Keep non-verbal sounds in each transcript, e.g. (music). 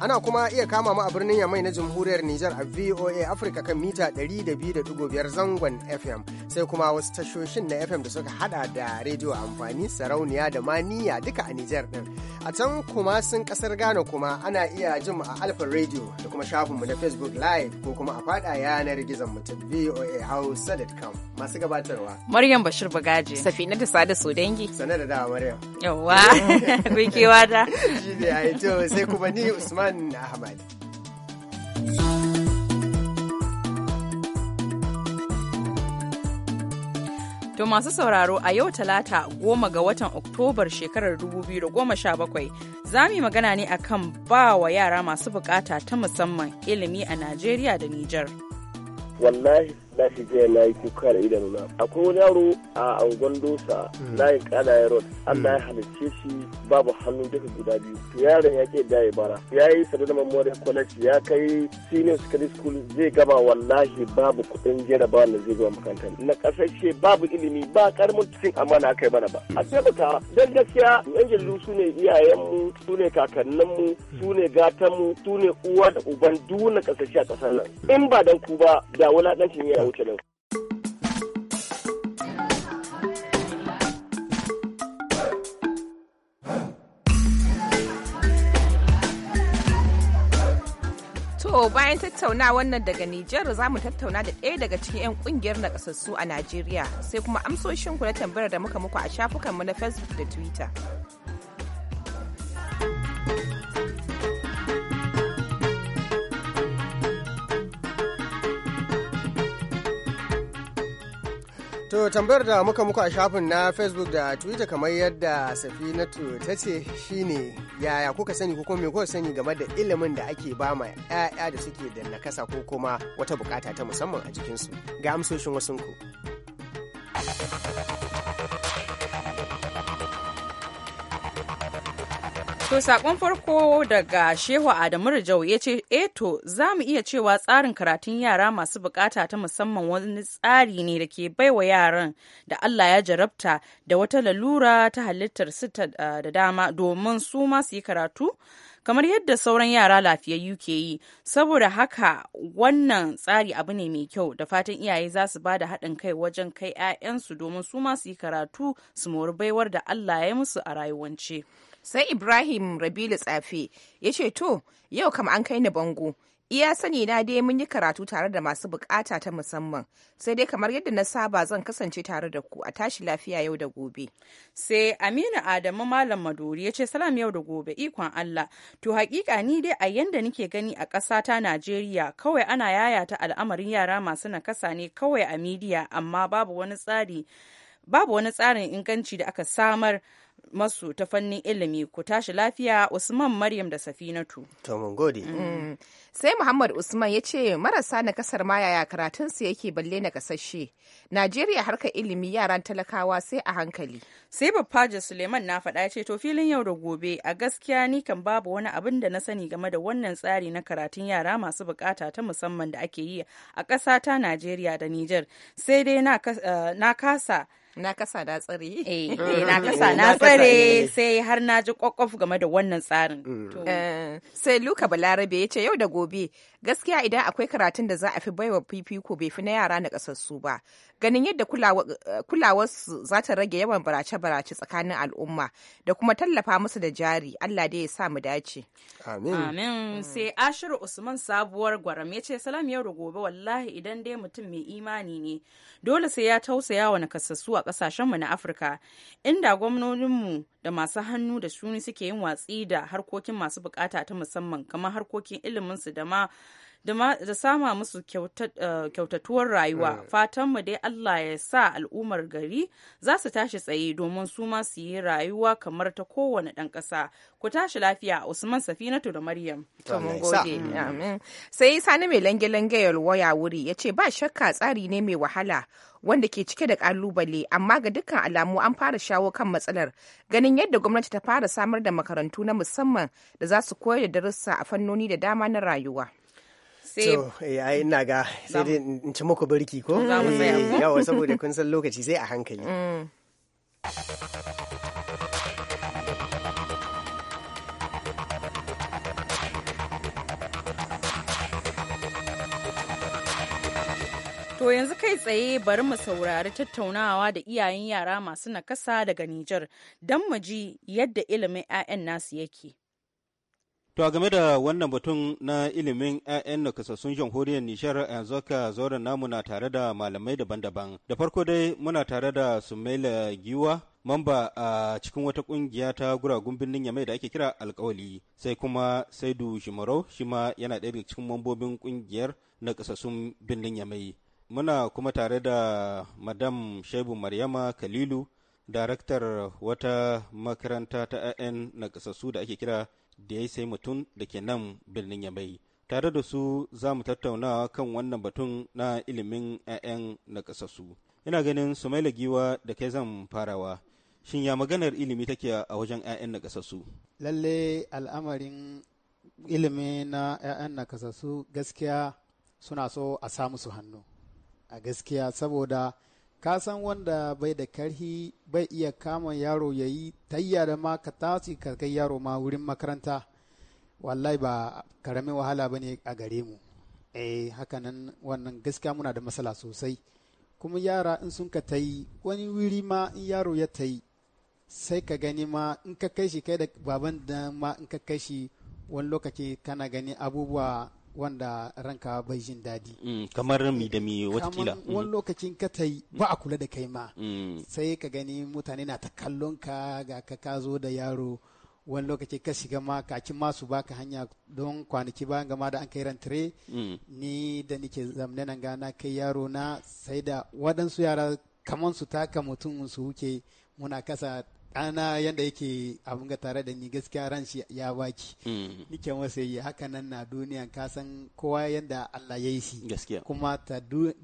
Ana kuma iya kama mu a birnin Yamai na Jamhuriyar Nijar a VOA Africa kan mita 200.5 zangon FM sai kuma wasu tashoshin na FM da suka hada da rediyo amfani sarauniya da maniya duka a Nijar din. A can kuma sun kasar Ghana kuma ana iya jin mu a Alfa Radio da kuma shafinmu na Facebook Live ko kuma a fada yanar gizon mu ta VOA Hausa.com masu gabatarwa. Maryam Bashir Bagaje. Safina da Sada Sodangi. Sanar da dawa Maryam. Yawwa. Wikewa (laughs) da. (laughs) Shi ne a sai kuma ni Usman Usman Ahmad. To masu sauraro a yau talata goma ga watan Oktobar shekarar 2017 za mu yi magana ne akan ba wa yara masu bukata ta musamman ilimi a Najeriya da Nijar. Wallahi tashi jiya na yi kuka da idanu na akwai wani yaro a angon dosa mm. na yi kada ya rot Allah ya mm. halicce shi babu hannu duka guda biyu to yaron ya ke da ya bara ya yi sadar memorial college ya kai senior secondary school zai gaba wallahi babu kuɗin jarabawa da zai zuwa makaranta na kasashe babu ilimi ba karamin cikin amana aka yi mana ba a taimaka don gaskiya yan jallu su ne iyayenmu su ne kakanninmu su ne gatanmu su ne uwa da uban duna kasashe a ƙasar nan in ba dan ku ba da wulaƙancin yara wuce lau. To bayan tattauna wannan daga Nijar za mu tattauna da ɗaya daga cikin 'yan ƙungiyar nakasassu a Najeriya sai kuma amsoshinku na tambayar da muka muku a shafukanmu na Facebook da Twitter. To tambayar da muka muku a shafin na Facebook da Twitter kamar yadda Safinatu ta ce shine yaya kuka sani ko me kuka sani game da ilimin da ake ba ma 'ya'ya da suke da nakasa ko kuma wata bukata ta musamman a jikinsu ga amsoshin wasunku. To saƙon farko daga Shehu Adamu Rajau ya ce, eto eh to, za mu iya cewa tsarin karatun yara masu bukata ta musamman wani tsari ne da ke baiwa yaran da Allah ya jarabta da wata lalura ta halittar su da dama domin su ma su yi karatu?" kamar yadda sauran yara lafiyayyu ke yi saboda haka wannan tsari abu ne mai kyau da fatan iyaye za su ba da haɗin kai wajen kai 'ya'yansu domin su ma su yi karatu su mori baiwar da allah ya musu a rayuwance sai ibrahim rabilu tsafe ya ce to yau kam an kai ni bango iya sani na dai mun yi karatu tare da masu bukata ta musamman sai dai kamar yadda na saba zan kasance tare da ku a tashi lafiya yau da gobe sai aminu adamu malam maduri ya ce salam yau da gobe ikon allah to hakika ni dai a yanda nike gani a ƙasa ta najeriya kawai ana yaya ta al'amarin yara masu nakasa ne kawai a midiya amma babu wani tsari babu wani tsarin inganci da aka samar masu ta fannin ilimi ku tashi lafiya usman maryam da safinatu to gode mm. sai muhammad usman ya ce marasa na kasar ma yaya karatunsu yake balle na gasashe. najeriya harka ilimi yaran talakawa sai a hankali sai babbaje suleiman na faɗa ce to filin yau da gobe a gaskiya ni kan babu wani abin da na sani game da wannan tsari na karatun yara masu bukata ta musamman da ake yi a ƙasa ta najeriya da nijar sai dai na eh, kasa na kasa na tsare eh, (laughs) eh na kasa na tsare sai har na ji kwakwaf game da wannan tsarin mm. eh, sai luka balarabe ya ce yau da gobe gaskiya idan akwai karatun da za a fi baiwa fifiko bai fi na yara na kasassu ba ganin yadda eh, kulawarsu za ta rage yawan barace-barace tsakanin al'umma da kuma tallafa musu da jari allah dai ya sa mu dace amin mm. sai ashiru usman sabuwar gwaram ya ce salam yau da gobe wallahi idan dai mutum mai imani ne dole sai ya tausaya wa nakasassu zuwa kasashenmu na afirka inda gwamnoninmu da masu hannu da suni suke yin watsi da harkokin masu bukata ta musamman kamar harkokin iliminsu da ma da sama musu eh, kyautatuwar rayuwa eh. fatanmu dai Allah ya sa al'ummar gari za su tashi tsaye domin su ma su yi rayuwa kamar ta kowane ɗan ƙasa ku tashi lafiya Usman Safinatu da Maryam mm. sai sani mai lange-lange ya wuri ya ce ba shakka tsari ne mai wahala wanda ke cike da kalubale amma ga dukkan alamu an fara shawo kan matsalar ganin yadda gwamnati ta fara samar da makarantu na musamman da za su koyar da darussa a fannoni da dama na rayuwa so eh, ina ga sai dai in ci muku birki ko yawa eh, saboda kun san lokaci sai a hankali mm. To yanzu kai tsaye bari mu saurari tattaunawa da iyayen yara masu nakasa daga Nijar don mu ji yadda ilimin 'ya'yan nasu yake. To a game da wannan batun na ilimin 'ya'yan nakasassun jamhuriyar Nishar yanzu haka da namu na tare da malamai daban-daban. Da farko dai muna tare da Sumaila Giwa, mamba a cikin wata kungiya ta guragun birnin Yamai da ake kira alkawali sai kuma Saidu Shimarau shi ma yana ɗaya daga cikin mambobin kungiyar nakasassun birnin Yamai. Muna kuma tare da Madam Shaibu Maryama Kalilu, daraktar wata makaranta ta 'ya'yan nakasassu da ake kira da ya sai mutum da ke nan birnin ya bai Tare da su za mu tattauna kan wannan batun na ilimin 'ya'yan na ƙasasu. Ina ganin Sumaila Giwa da kai zan farawa. Shin ya maganar ilimi take a wajen 'ya'yan na ƙasasu? Lalle al'amarin ilimi na 'ya'yan na ƙasasu gaskiya suna so a samu su hannu. A gaskiya saboda ka san wanda bai da karhi bai iya kama yaro ya yi tayya da ma ka tasi ka kai yaro ma wurin makaranta wallahi ba karamin wahala ba ne a gare mu eh hakanan wannan gaskiya muna da matsala sosai kuma yara in sun ka tayi wani wuri ma in yaro ya tayi sai ka gani ma in ka kai shi kai da baban da ma in ka kai shi wani lokaci kana gani abubuwa wanda ranka bai jin daɗi. Mm, kamar mi da mi watakila mm-hmm. wani lokacin ka ta ba a kula da kai ma mm. sai ka gani mutane na ta kallon ka ga ka ka zo da yaro wani lokaci ka shiga ma kakin masu baka hanya don kwanaki bayan gama da an kai rantare mm. ni da nike zamne nan gana kai yaro na sai da waɗansu yara kamar su taka mutum su wuke muna kasa ɗana yadda yake abin ga tare da ni gaskiya ran shi ya baki mm. nike masa yi haka nan na duniya ka san kowa yadda Allah ya yi shi gaskiya kuma ta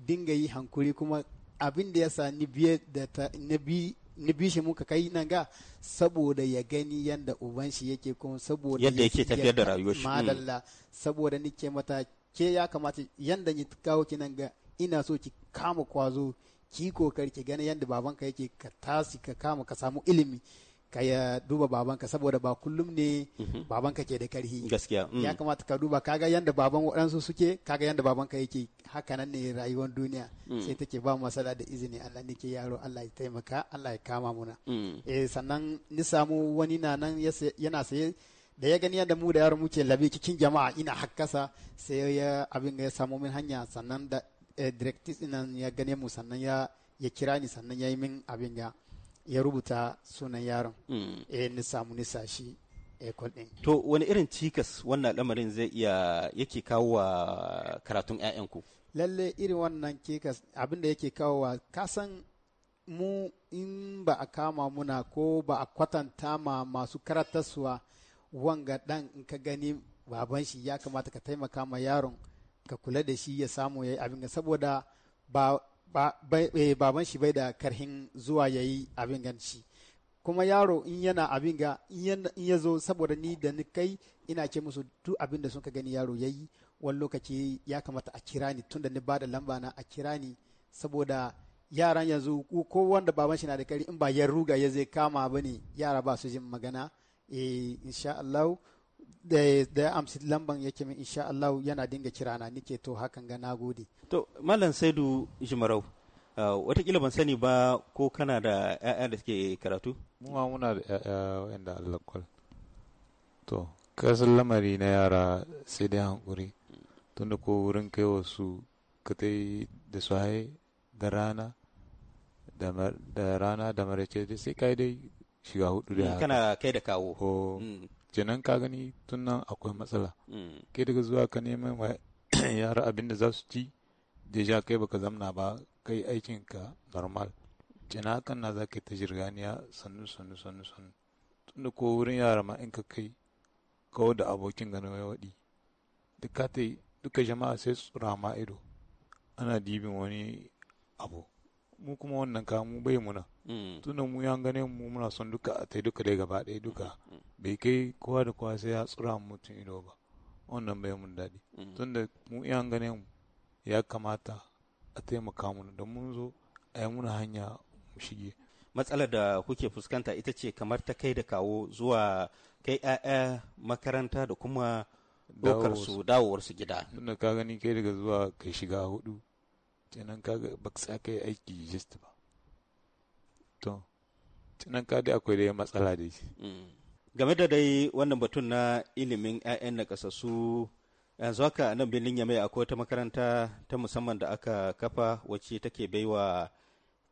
dinga yi hankuri kuma abin da ya sa ni biye da ta ni bi shi muka kai nan ga saboda ya gani yadda uban shi yake kuma saboda yadda yake tafiyar da rayuwar shi mm. madalla saboda nike mata ke ya kamata yadda ni kawo ki nan ga ina so ki kama kwazo ki kokari ki gani yadda babanka yake ka tasi ka kama ka samu ilimi ka ya duba babanka saboda ba kullum ne mhm. babanka ke da karhi gaskiya mm. ya kamata ka duba kaga yadda baban waɗansu suke kaga yadda babanka yake nan ne rayuwar duniya mm. sai take ba masala da izini Allah ne ke yaro Allah ya taimaka Allah ya kama muna mm. eh sannan ni samu wani na nan yana saye da ya gani yadda mu da yaro muke labe cikin jama'a ina hakkasa sai ya abin ya samu min hanya sannan da Eh, directis ɗinan ya gane mu sannan ya ya kira ni sannan ya yi min abin ya ya rubuta sunan yaron hmm. eh ni samu ni sashi ekol To wani irin cikas wannan lamarin zai iya yake kawo wa karatun ku. Lalle irin wannan cikas abin da yake kawo wa kasan mu in ba a kama muna ko ba a kwatanta ma masu karatarsuwa wanga dan in ka gani baban shi ya kamata ka taimaka ma yaron. ka kula da shi ya samu ya yi abin gan saboda ba eh, baban shi bai da karhin zuwa ya yi abin gan shi kuma yaro in yana abin ga in ya zo saboda ni da ni kai ina ce musu duk abin da sun ka gani yaro ya yi wani lokaci ya kamata a kira ni tun da ni ba da lamba na a kira ni saboda yaran yanzu ko wanda baban shi na da kari in ba ya ruga ya zai kama ba ne yara ba su jin magana eh insha Allah da amsi lamban yake min insha Allah yana dinga kirana nike to hakan ga nagode to malam saidu jimarau uh, watakila ban sani ba ko kana da 'ya'ya da suke karatu muwa muna da 'ya'ya wanda Allah kwal to kasan lamari na yara sai dai hankuri tunda ko wurin kai wasu ka da su hai da rana da rana da marace sai kai dai shiga hudu da mm, kana kai da kawo kenan ka gani tun nan akwai matsala mm. ke daga zuwa ka neman wa (coughs) yara abinda da za su ci deja kai baka zamna ba kai aikin ka normal kenan hakan na za ka yi ta jirganiya sannu sannu sannu sannu tun da ko wurin yara ma in ka kai kawo da abokin ganin waɗi duka ta duka jama'a sai tsura ma ido ana dibin wani abu mu kuma wannan ka mu bai muna mm. tunda mu yan gane mu muna son duka a tai duka dai gaba ɗaya duka mm. bai kai kowa da kowa sai ya tsura mutum ido ba wannan bai mun daɗi mm. tunda mu yan gane mu ya kamata a taimaka mu da mun zo a yi muna hanya mu shige matsalar da kuke fuskanta ita ce kamar ta kai da kawo zuwa kai 'ya'ya makaranta da kuma dokar su dawowar su gida tunda ka gani kai daga zuwa kai shiga hudu kenan ka ba sa ka aiki just ba to kenan ka dai akwai dai matsala dai mm. game da dai wannan batun na ilimin 'ya'yan na kasasu yanzu haka nan birnin yamai akwai wata makaranta ta musamman da aka kafa wacce take baiwa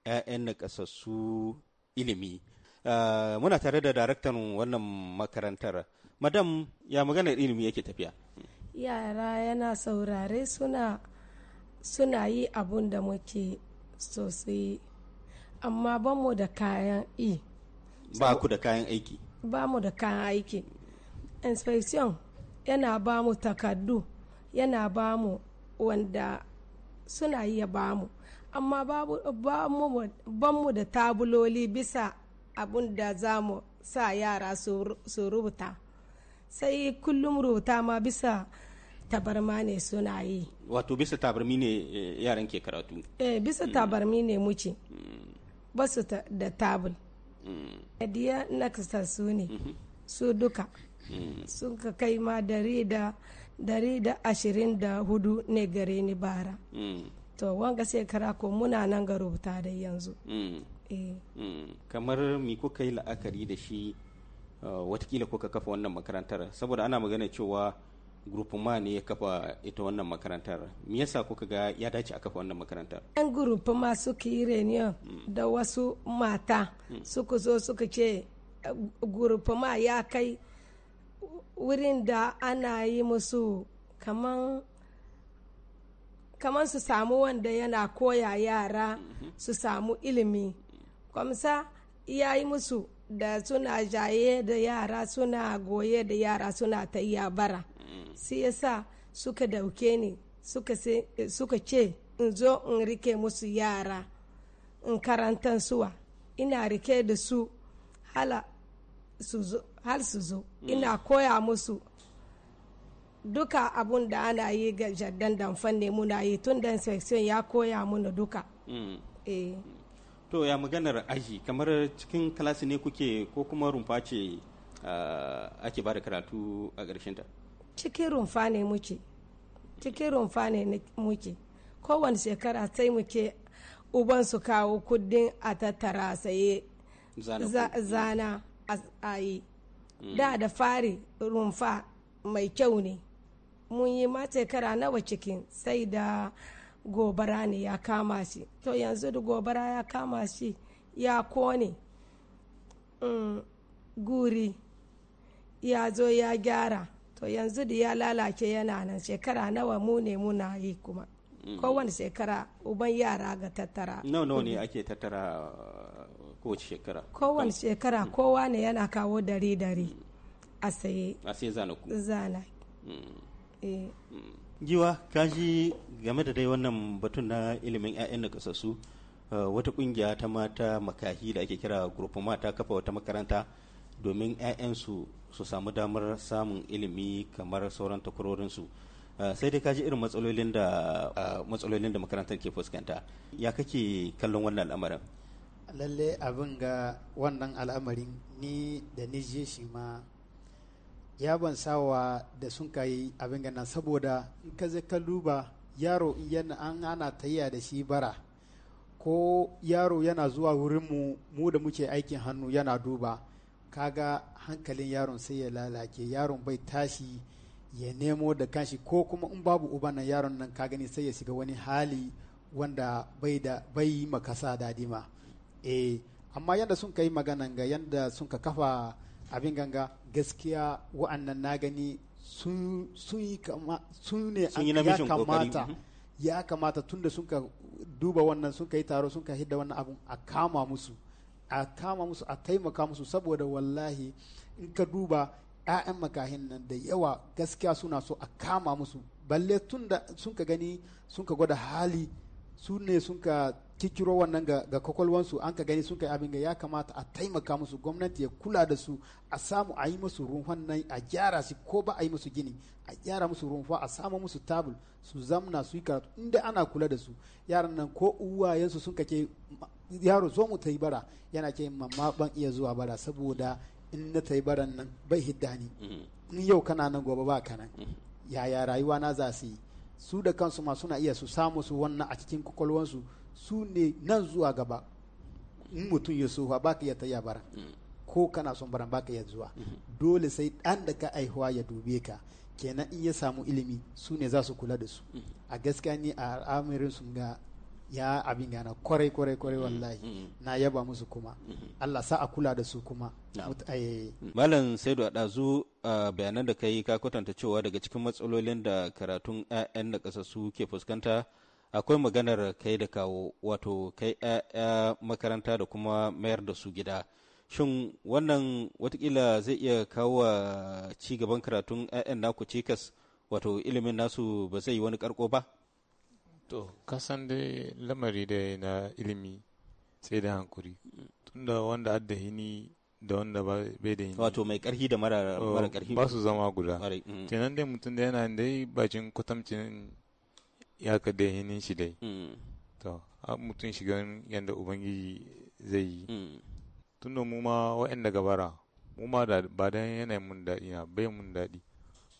'ya'yan na kasasu ilimi ah, muna tare da daraktan wannan makarantar madam ya magana ilimi yake tafiya yara yana saurare suna suna yi abun da muke sosai amma ba mu da kayan i ba ku da kayan aiki ba mu da kayan aiki inspection yana ba mu takardu yana ba mu wanda suna yi ba mu amma ba mu da tabuloli bisa abun da za mu sa yara su rubuta sai kullum rubuta ma bisa tabarma ne suna yi wato bisa tabarmi ne eh, yaran ke karatu eh bisa tabarmi ne muke ba su da tabul mm. Adiya na su ne mm-hmm. su duka mm. sun ka kai ma dari da dari da ashirin da hudu ne gare ni bara mm. to wanga shekara ko muna nan ga rubuta da yanzu eh. kamar mi kuka yi la'akari da shi eh, watakila kuka kafa wannan makarantar saboda ana magana cewa grupu ma ne ya kafa ita wannan makarantar me yasa kuka ga ya dace a kafa wannan makarantar yan grupu ma suka yi reunion mm. da wasu mata mm. suka zo suka ce grupu ma ya kai wurin da ana yi musu kaman kaman su samu wanda yana koya yara mm-hmm. su samu ilimi kwamsa ya yi musu da suna jaye da yara suna goye da yara suna ta iya bara sai ya sa suka dauke ni suka ce in zo in rike musu yara in karantar suwa ina rike da su har su zo ina koya musu duka abun da ana yi ga jaddan damfan ne muna yi tun da section ya koya muna duka mm. eh. to ya maganar aji kamar cikin kalasi ne kuke ko kuma rumfa ce ah, ake ba da karatu a ƙarshen ta cikin rumfa ne muke cikin rumfa ne muke kowane shekara sai muke uban su kawo kudin a tattara saye zana a yi mm. da da fari rumfa mai kyau ne mun yi ma shekara nawa cikin sai da gobara ne ya kama shi to yanzu da gobara ya kama shi ya kone mm, guri ya zo ya gyara to yanzu da ya lalace yana nan shekara nawa mu ne muna yi kuma mm. kowane shekara uban yara ga tattara Nawa no ne ake tattara uh, kowace shekara kowane shekara mm. kowa ne yana kawo dari dari mm. a saye a saye zana ku zana eh. giwa kaji game da dai wannan batun na ilimin 'ya'yan na kasassu uh, wata kungiya ta mata makahi da ake kira grupu mata kafa wata makaranta domin 'ya'yansu su samu damar samun ilimi kamar sauran takwarorinsu ah, sai dai kaji irin matsalolin da ah, matsalolin da makarantar ke fuskanta ya kake kallon wannan al'amarin lalle abin ga wannan al'amarin ni da ni je shi ma ya ban sawa da sun kai abin ga nan saboda in ka zai ka duba yaro yana an ana tayya da shi bara ko yaro yana zuwa wurinmu mu da muke aikin hannu yana duba kaga hankalin yaron sai ya lalace yaron bai tashi ya nemo da kanshi ko kuma in babu uba nan yaron nan ka gani sai ya shiga wani hali wanda bai da bai makasa dadi ma eh amma yadda sun kai maganan ga yadda sun ka kafa abin ganga gaskiya wa'annan na gani sun yi ne ya kamata mm-hmm. ya kamata tunda sun ka duba wannan sun ka yi taro sun ka hidda wannan abun a kama musu a kama musu a taimaka musu saboda wallahi in ka duba 'ya'yan makahin nan da yawa gaskiya suna so a kama musu balle tun da sun ka gani sun ka gwada hali su ne sun ka kikiro wannan ga, ga kwakwalwansu an ka gani sun kai abin ga ya kamata a taimaka musu gwamnati ya kula da su a samu a yi musu rumfan nan a gyara su ko ba a yi musu gini a gyara musu rumfa a samu musu tabul su zamna su yi karatu inda ana kula da su yaran nan ko uwayensu sun kake yaro zo mu ta bara yana ke mamma ban iya zuwa bara saboda in na ta baran nan bai hidda ni mm-hmm. in yau kana nan gobe ba kana mm-hmm. yaya rayuwa na za su su da kansu ma suna iya su samu su wannan a cikin kwakwalwansu su ne nan zuwa gaba in mutum ya sofa ba ka iya bara ko kana son baran ba ka zuwa dole sai ɗan da ka aihuwa ya dube ka kenan in ya samu ilimi su ne za su kula da su a gaskiya ni a al'amarin su ga ya abin gana kwarai kwarai kwarai wallahi na yaba musu kuma Allah sa a kula da su kuma eh. malam saidu a ɗazu bayanan da ka yi ka kwatanta cewa daga cikin matsalolin da karatun 'ya'yan da ƙasa ke fuskanta akwai maganar kai da kawo wato kai ya makaranta da kuma mayar da su gida shin wannan watakila zai iya kawo ci gaban karatun 'ya'yan naku cikas wato ilimin nasu ba zai yi wani karko ba to kasan dai lamari da na ilimi sai da hankuri tunda wanda adda hini da wanda bai da hini wato mai karhi da mara karhi ba su zama guda mm. kenan dai mutum da yana dai bacin kwatamcin ya da hinin shi dai mm. to mutum shigan yadda ubangiji zai yi mm. tunda mu ma wa'anda gabara mu ma da ba dan yanayin mun daɗi na bai mun daɗi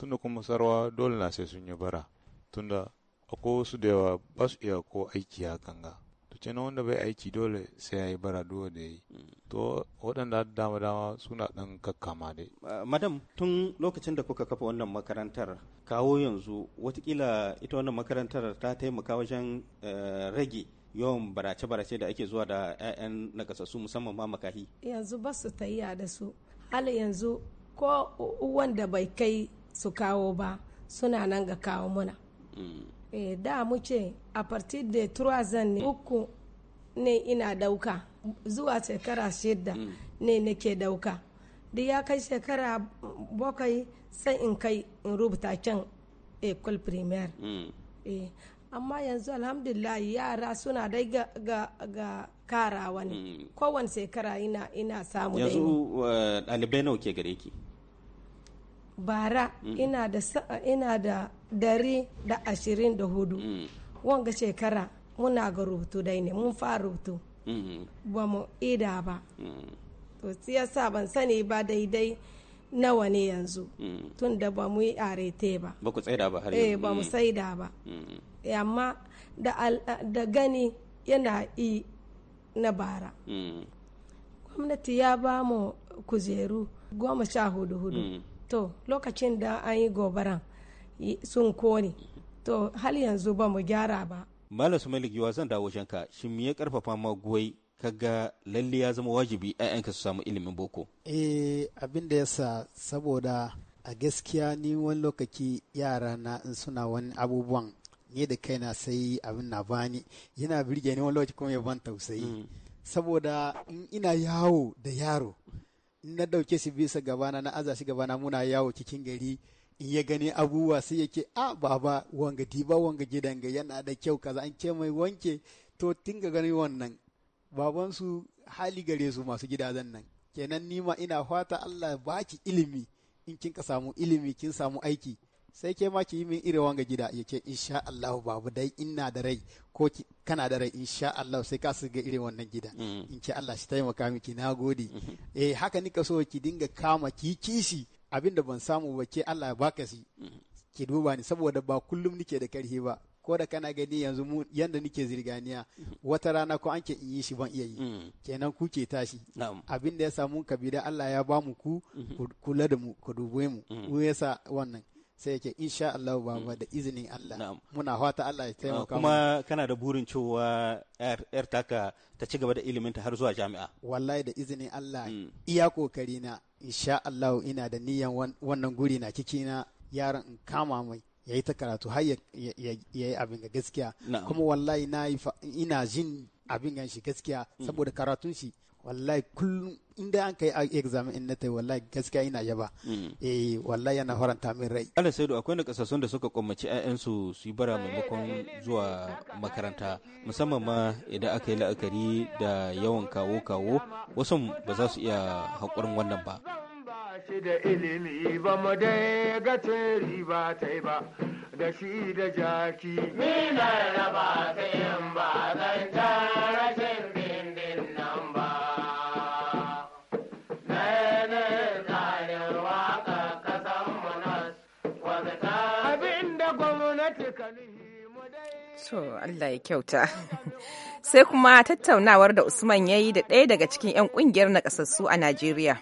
tunda kuma sarwa dole na sai sun yi bara tunda akwai wasu da yawa ba su iya ko aiki hakan ga na wanda bai aiki dole sai ya yi bara dole da yi hmm. to waɗanda dama dama suna ɗan kakkama dai madam tun lokacin da kuka kafa wannan makarantar kawo yanzu watakila ita wannan makarantar ta taimaka wajen eh, rage yawan barace-barace da ake zuwa da 'ya'yan nakasassu musamman ma makahi yanzu ba su tayya da su hali yanzu ko wanda bai kai su kawo ba suna nan ga kawo muna hmm. eh, da muke a partir da turazan ne uku ne ina dauka zuwa shekara shida mm. ne nake dauka da ya kai shekara bakwai sai in kai in rubuta can ecole primaire mm. eh, amma yanzu alhamdulillah yara suna dai ga, kara wani karawa ne mm. kowane shekara ina, samu da yanzu eh, ɗalibai nawa ke gare ki bara mm. ina da ina da dari da ashirin da hudu mm. wanga shekara muna ga rubutu dai ne mun fara rubutu mm-hmm. ba mu ida ba mm. to siyasa ban sani ba daidai nawa ne yanzu tun da ba mu yi arete ba ba ku tsaida ba har eh, yanzu ba mu tsaida ba amma da gani yana yi na bara gwamnati ya ba mu kujeru goma sha hudu hudu to lokacin da an yi gobaran sun kone to hal yanzu ba mu gyara ba malam su malikiwa zan dawo shanka shi mu ya karfafa ma goyi kaga lalle ya zama wajibi 'ya'yanka su samu ilimin boko eh abin da yasa saboda a gaskiya ni wani lokaci yara na in suna wani abubuwan ne da kaina sai abin na bani yana birge ni wani lokaci kuma ya ban tausayi mm. saboda in ina yawo da yaro na ɗauke shi bisa gabana na aza shi gabana muna yawo cikin gari in ya gani abubuwa sai yake a ah, baba wanga diba wanga gidan ga yana da kyau kaza an ce mai wanke to tun ga gani wannan su hali gare su masu gidajen nan kenan nima ina fata Allah ba baki ilimi in kin ka samu ilimi kin samu aiki sai ke ma ki yi min irin wanga gida ya ce insha Allah babu dai ina da rai ko kana da rai insha Allah sai ka su ga irin wannan gida mm. in ce Allah shi taimaka miki na gode mm-hmm. eh haka nika so ki dinga kama ki kishi abinda ban samu ba ke Allah ya baka shi mm-hmm. ki duba ni saboda ba kullum nike da karhi ba ko da kana gani yanzu mu yanda nike zirganiya mm-hmm. wata rana ko an ke yi shi ban iya yi mm. kenan ku ke tashi abinda ya samu kabila Allah ya bamu mu ku kula da mu ku dubo mu Ku mm. yasa wannan sai yake insha Allah baba mm. da izinin Allah muna fata Allah ya taimaka kuma kana da burin cewa yar taka ta ci gaba da ta har zuwa jami'a wallahi da izinin Allah mm. iya kokari na insha Allah ina da niyan wannan guri na kiki na yaron in kama mai ya ta karatu har ya yi abin ga gaskiya kuma wallahi na ina jin abin gan shi gaskiya mm. saboda karatun shi wallahi kullum inda an kai exam in na tai wallahi gaskiya ina yaba mm. eh wallahi yana faranta min rai Allah sai akwai nakasassun da suka kwammaci ƴaƴansu su su bara eh, maimakon zuwa makaranta musamman ma idan aka yi la'akari da yawan kawo kawo wasu ba za su iya hakurin wannan ba shi da ilimi ba mu dai ga riba ta ba da shi da jaki ni na raba ta yin ba zan tara To Allah ya kyauta. Sai kuma tattaunawar da Usman ya yi da ɗaya daga cikin 'yan ƙungiyar na a Najeriya.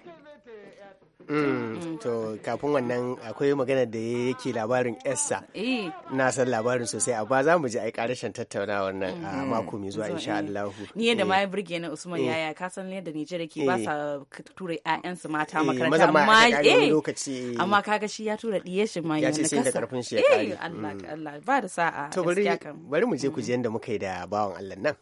Mm, mm. to kafin wannan akwai magana da yake labarin essa eh. na san labarin sosai amma za mu ji ai karashin tattaunawar wannan. a mm. mako mai zuwa insha eh. Allah ni yadda eh. ma ya burge na Usman yaya ka san yadda Nijeriya ke ba sa tura ƴaƴan su mata makaranta amma lokaci amma kaga shi ya tura diye shi ma ya ce sai da karfin shi ya Allah Allah ba da sa'a to bari bari mu je ku je yanda muka yi da bawan Allah nan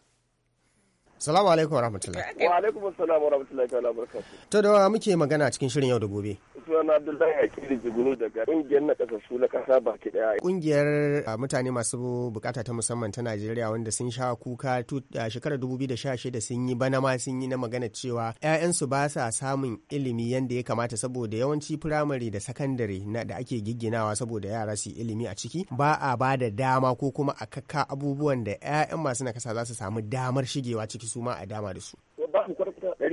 Salamu alaikum wa rahmatullahi. Wa alaikum wa rahmatullahi wa To da muke magana cikin shirin yau da gobe. Sunana Abdullahi Akiri Jigunu daga ƙungiyar na na ƙasa baki ɗaya. Ƙungiyar ah, mutane masu buƙata ta musamman ta Najeriya wanda sun sha kuka ah, shekarar shida, sun yi bana ma sun yi na magana cewa 'ya'yansu ba sa samun ilimi yadda ya kamata saboda yawanci firamare da sakandare da ake gigginawa saboda yara su ilimi a ciki ba a ba da dama ko kuma a kakka abubuwan da 'ya'yan masu nakasa za su samu damar shigewa ciki su ma a dama da su.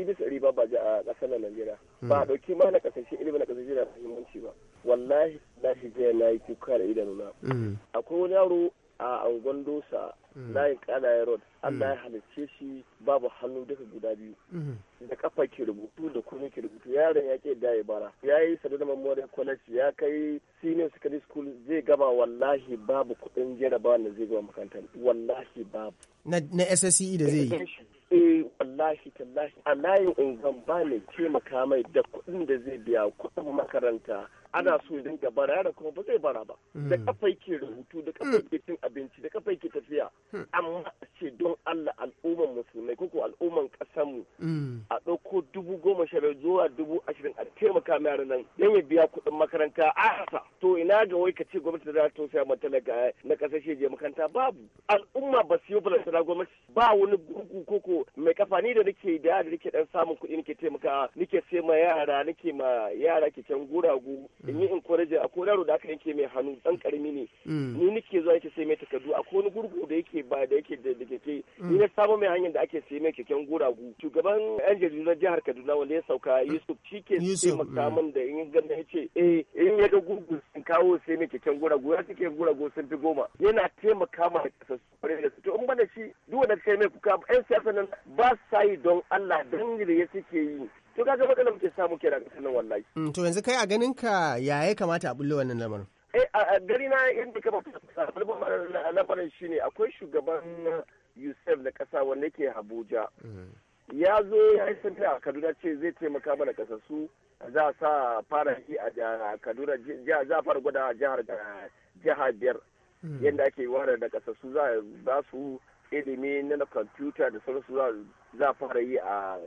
ɗari bisa ɗari ba baji a ƙasar Najeriya ba a hmm. ɗauki ma na ƙasashe ilimin na ƙasashe da muhimmanci ba wallahi shi zai na yi kuka da idanuna hmm. akwai wani yaro a angon dosa hmm. layin ƙanayen road Allah ya halicce shi babu hannu duka guda biyu da kafa ke rubutu da kuma ke rubutu yaron ya ke da bara ya yi sadar memorial college ya kai senior secondary school zai gama wallahi babu kuɗin jarabawa da zai gama makarantar wallahi babu na SSCE da zai yi eh wallahi tallahi a layin ungan ba ne taimaka mai da kuɗin da zai biya kuɗin makaranta ana so ya dinga bara yara kuma ba zai bara ba da hmm. kafa yake rubutu da kafa hmm. yake cin abinci da kafa yake tafiya hmm. amma ce don Allah al'umman musulmai ko ko al'umman mu a ɗauko dubu goma sha biyar zuwa dubu ashirin a taimaka ma yaran nan yan ya biya kuɗin makaranta a hasa to ina ga wai ka ce gwamnati za ta saya mata daga eh, na kasashe je makaranta babu al'umma ba su yi sana gwamnati ba wani gugu ko ko mai kafa ni da nake da da nake dan samun kuɗi nake taimaka nake sai ma yara nake ma yara ke can guragu in yi encourage a ko yaro da aka yanke mai hannu dan karami ne mm. ni nake zuwa yake sai mai takardu a wani gurgu da yake ba da yake da keke mm. ni na samu mai hanyar da ake sai mai keken guragu shugaban yan jaridu jihar Kaduna wanda ya sauka Yusuf shike sai makaman mm. da in ga ya ce eh in ya ga gurgu sun kawo sai mai keken guragu ya kike guragu sun fi goma yana taimaka ma kasassu da su to in bada shi duk wanda kai mai kuka yan siyasa nan ba sa yi don Allah dan da ya suke yi to kaga matsalar muke samu kenan kasan nan wallahi mm, to yanzu kai a ganin ka ya kamata a bulle wannan lamarin eh a gari na yadda kama lamarin shine akwai shugaban Yusuf na kasa wanda yake Abuja mm. ya zo ya yi sanda a Kaduna ce zai taimaka mana kasassu za a sa fara yi a Kaduna za a fara gwada jihar jihar biyar mm. yadda ake ware da kasassu za su ilimi na kwamfuta da sauransu za a fara yi a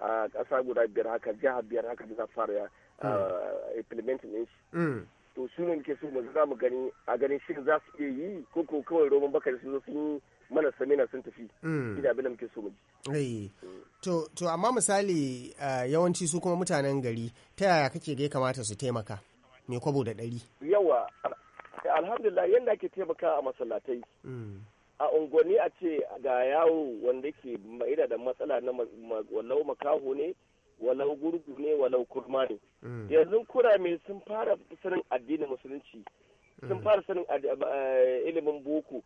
a ƙasa guda biyar haka jihar biyar haka da za fara hmm. implementing din shi hmm. to su ne muke so mu za mu gani a ganin shi za su iya yi ko ko kawai roman bakari su zo sun yi mana samina sun tafi hmm. shi da abin da muke so mu ji to to amma misali yawanci su kuma mutanen gari ta yaya kake ga kamata su taimaka me kwabo da ɗari yawa alhamdulillah yanda ake taimaka a masallatai a unguwanni a ce ga yawo wanda ke ma'ida da matsala na walau makaho ne walau gurgu ne walau kurma ne mm. yanzu kurame sun fara sanin addinin musulunci sun mm. fara sanin eh, ilimin boko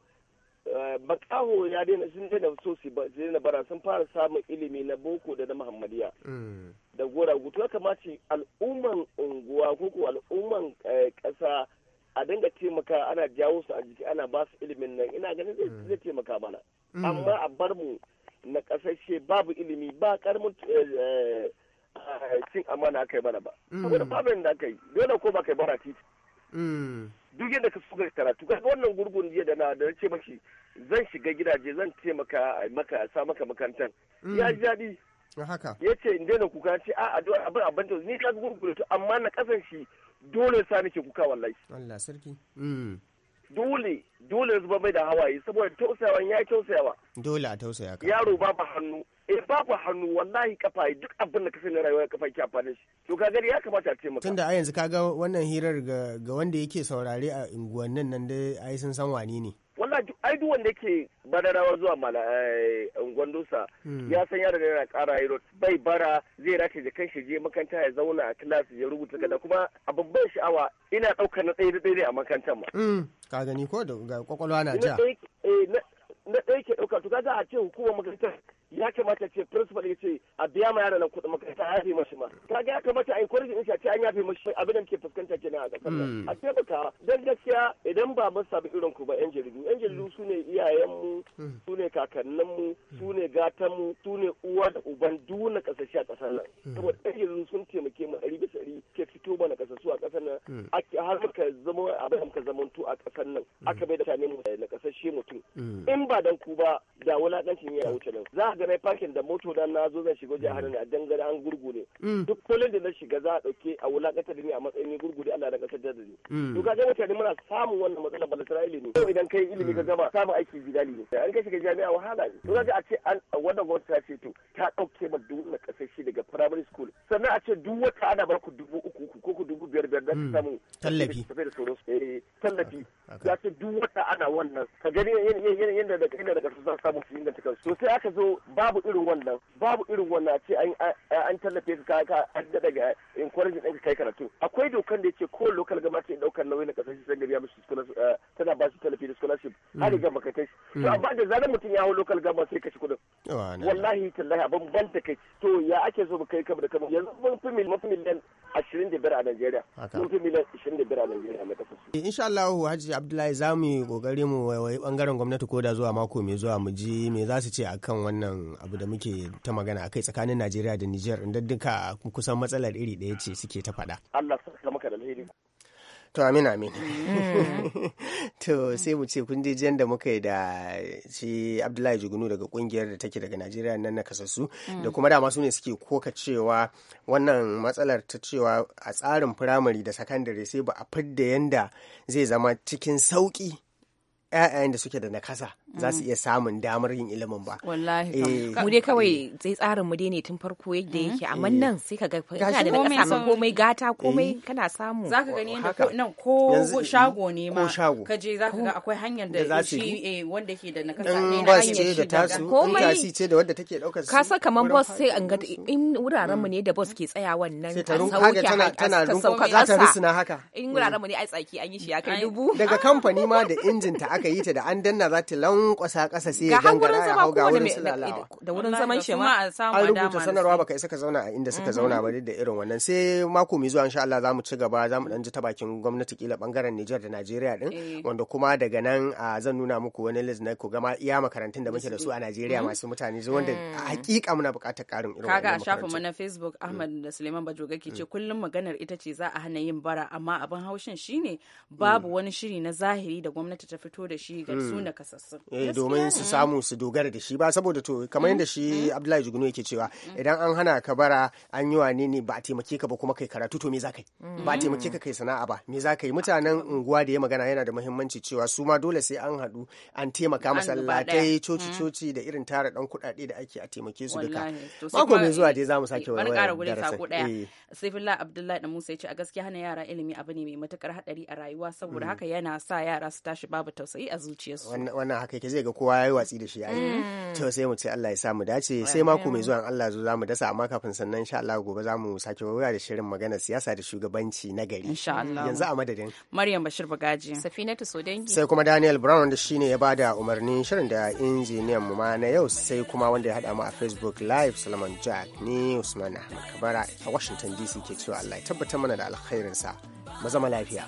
eh, makaho ya daina sun daina so su daina bara sun fara samun ilimi na boko da na muhammadiya mm. da gora gutu ya kamace al'umman unguwa ko al'umman kasa. Eh, a dinga taimaka ana jawo su a jiki ana ba su ilimin nan ina ganin zai mm. taimaka mana mm. amma a bar mu na kasashe babu ilimi ba karamin eh, eh, cin amana kai yi mana ba mm. saboda babu da aka yi dole ko ba kai bara titi duk yadda ka suka karatu ga wannan gurgun jiya da na da ce maki zan shiga gidaje zan taimaka maka sa maka makarantar ya ji daɗi haka ya ce in daina kuka ce a ban abin ni ka gurgun amma na kasan shi dole sa nake kuka wallahi Allah sarki mm. dole dole zuba mai da hawaye saboda tausayawa ya yi tausayawa dole a tausaya ka yaro babu hannu eh babu hannu wallahi kafa duk abin da ka sani rayuwar kafa ki amfani shi to ka gari ya kamata a maka tunda a yanzu kaga wannan hirar ga wanda yake saurare a unguwannin nan dai ai sun san wani ne ai duk wanda yake badarawa zuwa eh, gwandosa hmm. ya san ya da yana kara yi bai bara zai rata da kan shi je makanta ya zauna a class ya rubuta kada kuma a babban sha'awa ina ɗaukar na tsaye da tsaye a makanta ma. Hmm. ka gani ko da kwakwalwa na ja. Eh, na ɗaya ke ɗauka to kaga a ce hukumar makarantar ya kamata ce principal ya ce a biya ma yaran kuɗin makaranta a yafe mashi ma kaga ya kamata a encourage din shi a ce an yafe mashi abin da muke fuskanta kenan a kasar hmm. a baka dan gaskiya idan ba mu sabu irin ku ba yan jaridu yan jaridu su ne iyayenmu hmm. su ne kakanninmu su ne gatanmu su ne uwa da uban duna kasashe a kasar nan hmm. saboda yan jaridu sun taimake mu ɗari bisa ɗari ke fito mana kasasu a kasar nan har muka zama abin da muka zamantu a kasar nan aka bai da mutane mu na kasashe mutum in ba dan ku ba da wulaƙancin ya wuce nan za ga ga na parking da moto da na zo zan shiga jihar ne a dangare an gurgure mm. duk kolin da na shiga za a dauke a wulakata da ni a matsayin ni gurgure Allah da kasar da ni mm. to ka ga mutane muna samun wannan matsalar balasar ilimi to idan kai ilimi ka gama samun aiki jidali ne an kai shiga jami'a wahala ne to ka a ce an wannan gwamnati ta ce to ta dauke ma duk na shi daga primary school sannan a ce duk wata ana ba ku dubu uku ko ku dubu biyar biyar da mm. samu tallafi eh, tallafi ya ce duk wata ana wannan ka gani yadda da kai da daga za samun samu su inganta kansu to sai aka zo babu irin wannan babu irin wannan ce an tallafe ka ka an da daga encouraging ka kai karatu akwai dokan da ce ko local government ya ɗaukar nauyi na ƙasar sai gari ya musu eh, tana ba su tallafi da scholarship mm. har ga baka kai to mm. amma da zarar mutum ya hau local government sai kashe kudin wallahi tallahi abin ban ta kai to ya ake so mu kai kama da kama yanzu mun fi miliyan ashirin da biyar a Najeriya mun fi miliyan ashirin da biyar a Najeriya Insha Allah Hajji Abdullahi za mu yi kokari mu waiwayi bangaren gwamnati ko da zuwa mako mai zuwa mu ji me za su ce akan wannan abu da muke ta magana akai tsakanin Najeriya da Niger inda duka kusan matsalar iri ɗaya ce suke ta faɗa. Allah saka maka da alheri. to amin amin mm. (laughs) to sai mu ce kun je da muka yi da shi abdullahi jugunu daga kungiyar da take daga najeriya nan na kasassu mm. da kuma dama su ne suke koka cewa wannan matsalar ta cewa a tsarin firamare da sakandare sai ba a fidda yanda zai zama cikin sauki 'ya'yan da suke da nakasa za su mm. iya samun damar yin ilimin ba wallahi eh, mu dai kawai eh. sai tsarin mu dai ne tun farko yadda mm-hmm. yake amma eh. nan sai ka ga kana da nakasa ma komai gata komai kana samu Za ka gani nan ko shago ne ma ka je za ka ga akwai hanyar da shi wanda ke da nakasa ne na hanyar da tasu tasi ce da wanda take ɗaukar su. ka sa kamar boss sai an ga in wuraren mu ne da boss mm. ke wannan. Sai ta sauke tana tana runka za ta rusuna haka in wuraren mm. mu ne ai tsaki an yi shi ya kai dubu daga kamfani ma da injin ta (laughs) aka yi ta da an danna za ta lankwasa ƙasa sai ya gangara ya hau ga wurin sulalawa da wurin zaman shi ma an rubuta sanarwa baka isa ka zauna a inda suka zauna ba da irin wannan sai mako mai zuwa insha Allah za mu ci gaba za mu dan ji ta bakin gwamnati kila bangaren Nijar da Najeriya din eh. wanda kuma daga nan zan nuna muku wani list na ko gama iya makarantun da muke da su a Najeriya mm-hmm. masu mutane zuwa wanda a mm. hakika muna buƙatar ƙarin irin wannan kaga a shafin mu na Facebook Ahmad mm. da Suleiman Bajoga ke ce mm. kullum maganar ita ce za a hana yin bara amma abin haushin shine babu wani shiri na zahiri da gwamnati ta fito da da shi ga su hmm. na kasassun eh, domin su samu su dogara da shi ba saboda to kamar yadda shi mm, mm. abdullahi jugunu yake cewa mm. idan an hana ka bara an yi wa ne ba a taimake ka ba kuma kai karatu to me za ka yi ba a taimake ka kai sana'a ba me za ka yi mutanen unguwa da ya magana yana da muhimmanci cewa su ma dole sai an haɗu an taimaka masallatai coci coci da irin tara dan kuɗaɗe da ake a taimake su duka mako mai zuwa dai za mu sake wani wani eh. abdullahi da musa ya ce a gaskiya hana yara ilimi abu ne mai matukar hadari a rayuwa saboda haka yana sa yara su tashi babu tausayi kwaɗayi a zuciyarsu wannan haka yake zai ga kowa ya yi watsi da shi yayi mm. to sai mu ce Allah ya sa mu dace sai mako mai zuwa Allah zo zamu dasa amma kafin sannan insha Allah gobe mu sake wura da shirin magana siyasa da shugabanci na gari insha Allah yanzu a madadin Maryam Bashir Bagaji Safinatu Sodangi sai kuma Daniel Brown wanda shine ya da umarnin shirin da injiniyan mu ma na yau sai kuma wanda ya hada mu a Facebook live Salman Jack ni Usman Ahmad Kabara a Washington DC ke cewa Allah ya tabbatar mana da alkhairinsa mu zama lafiya.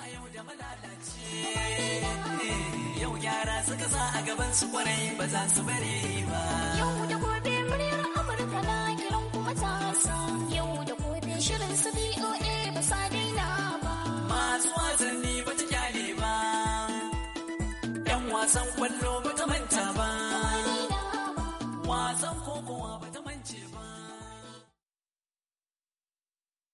suka a gaban su kwarai ba za su bare ba. Yau da gobe muryar Amurka na kiran kuma ta Yau da gobe shirin su BOA ba sa daina ba. Masu wasanni ba ta kyale ba. 'Yan wasan kwallo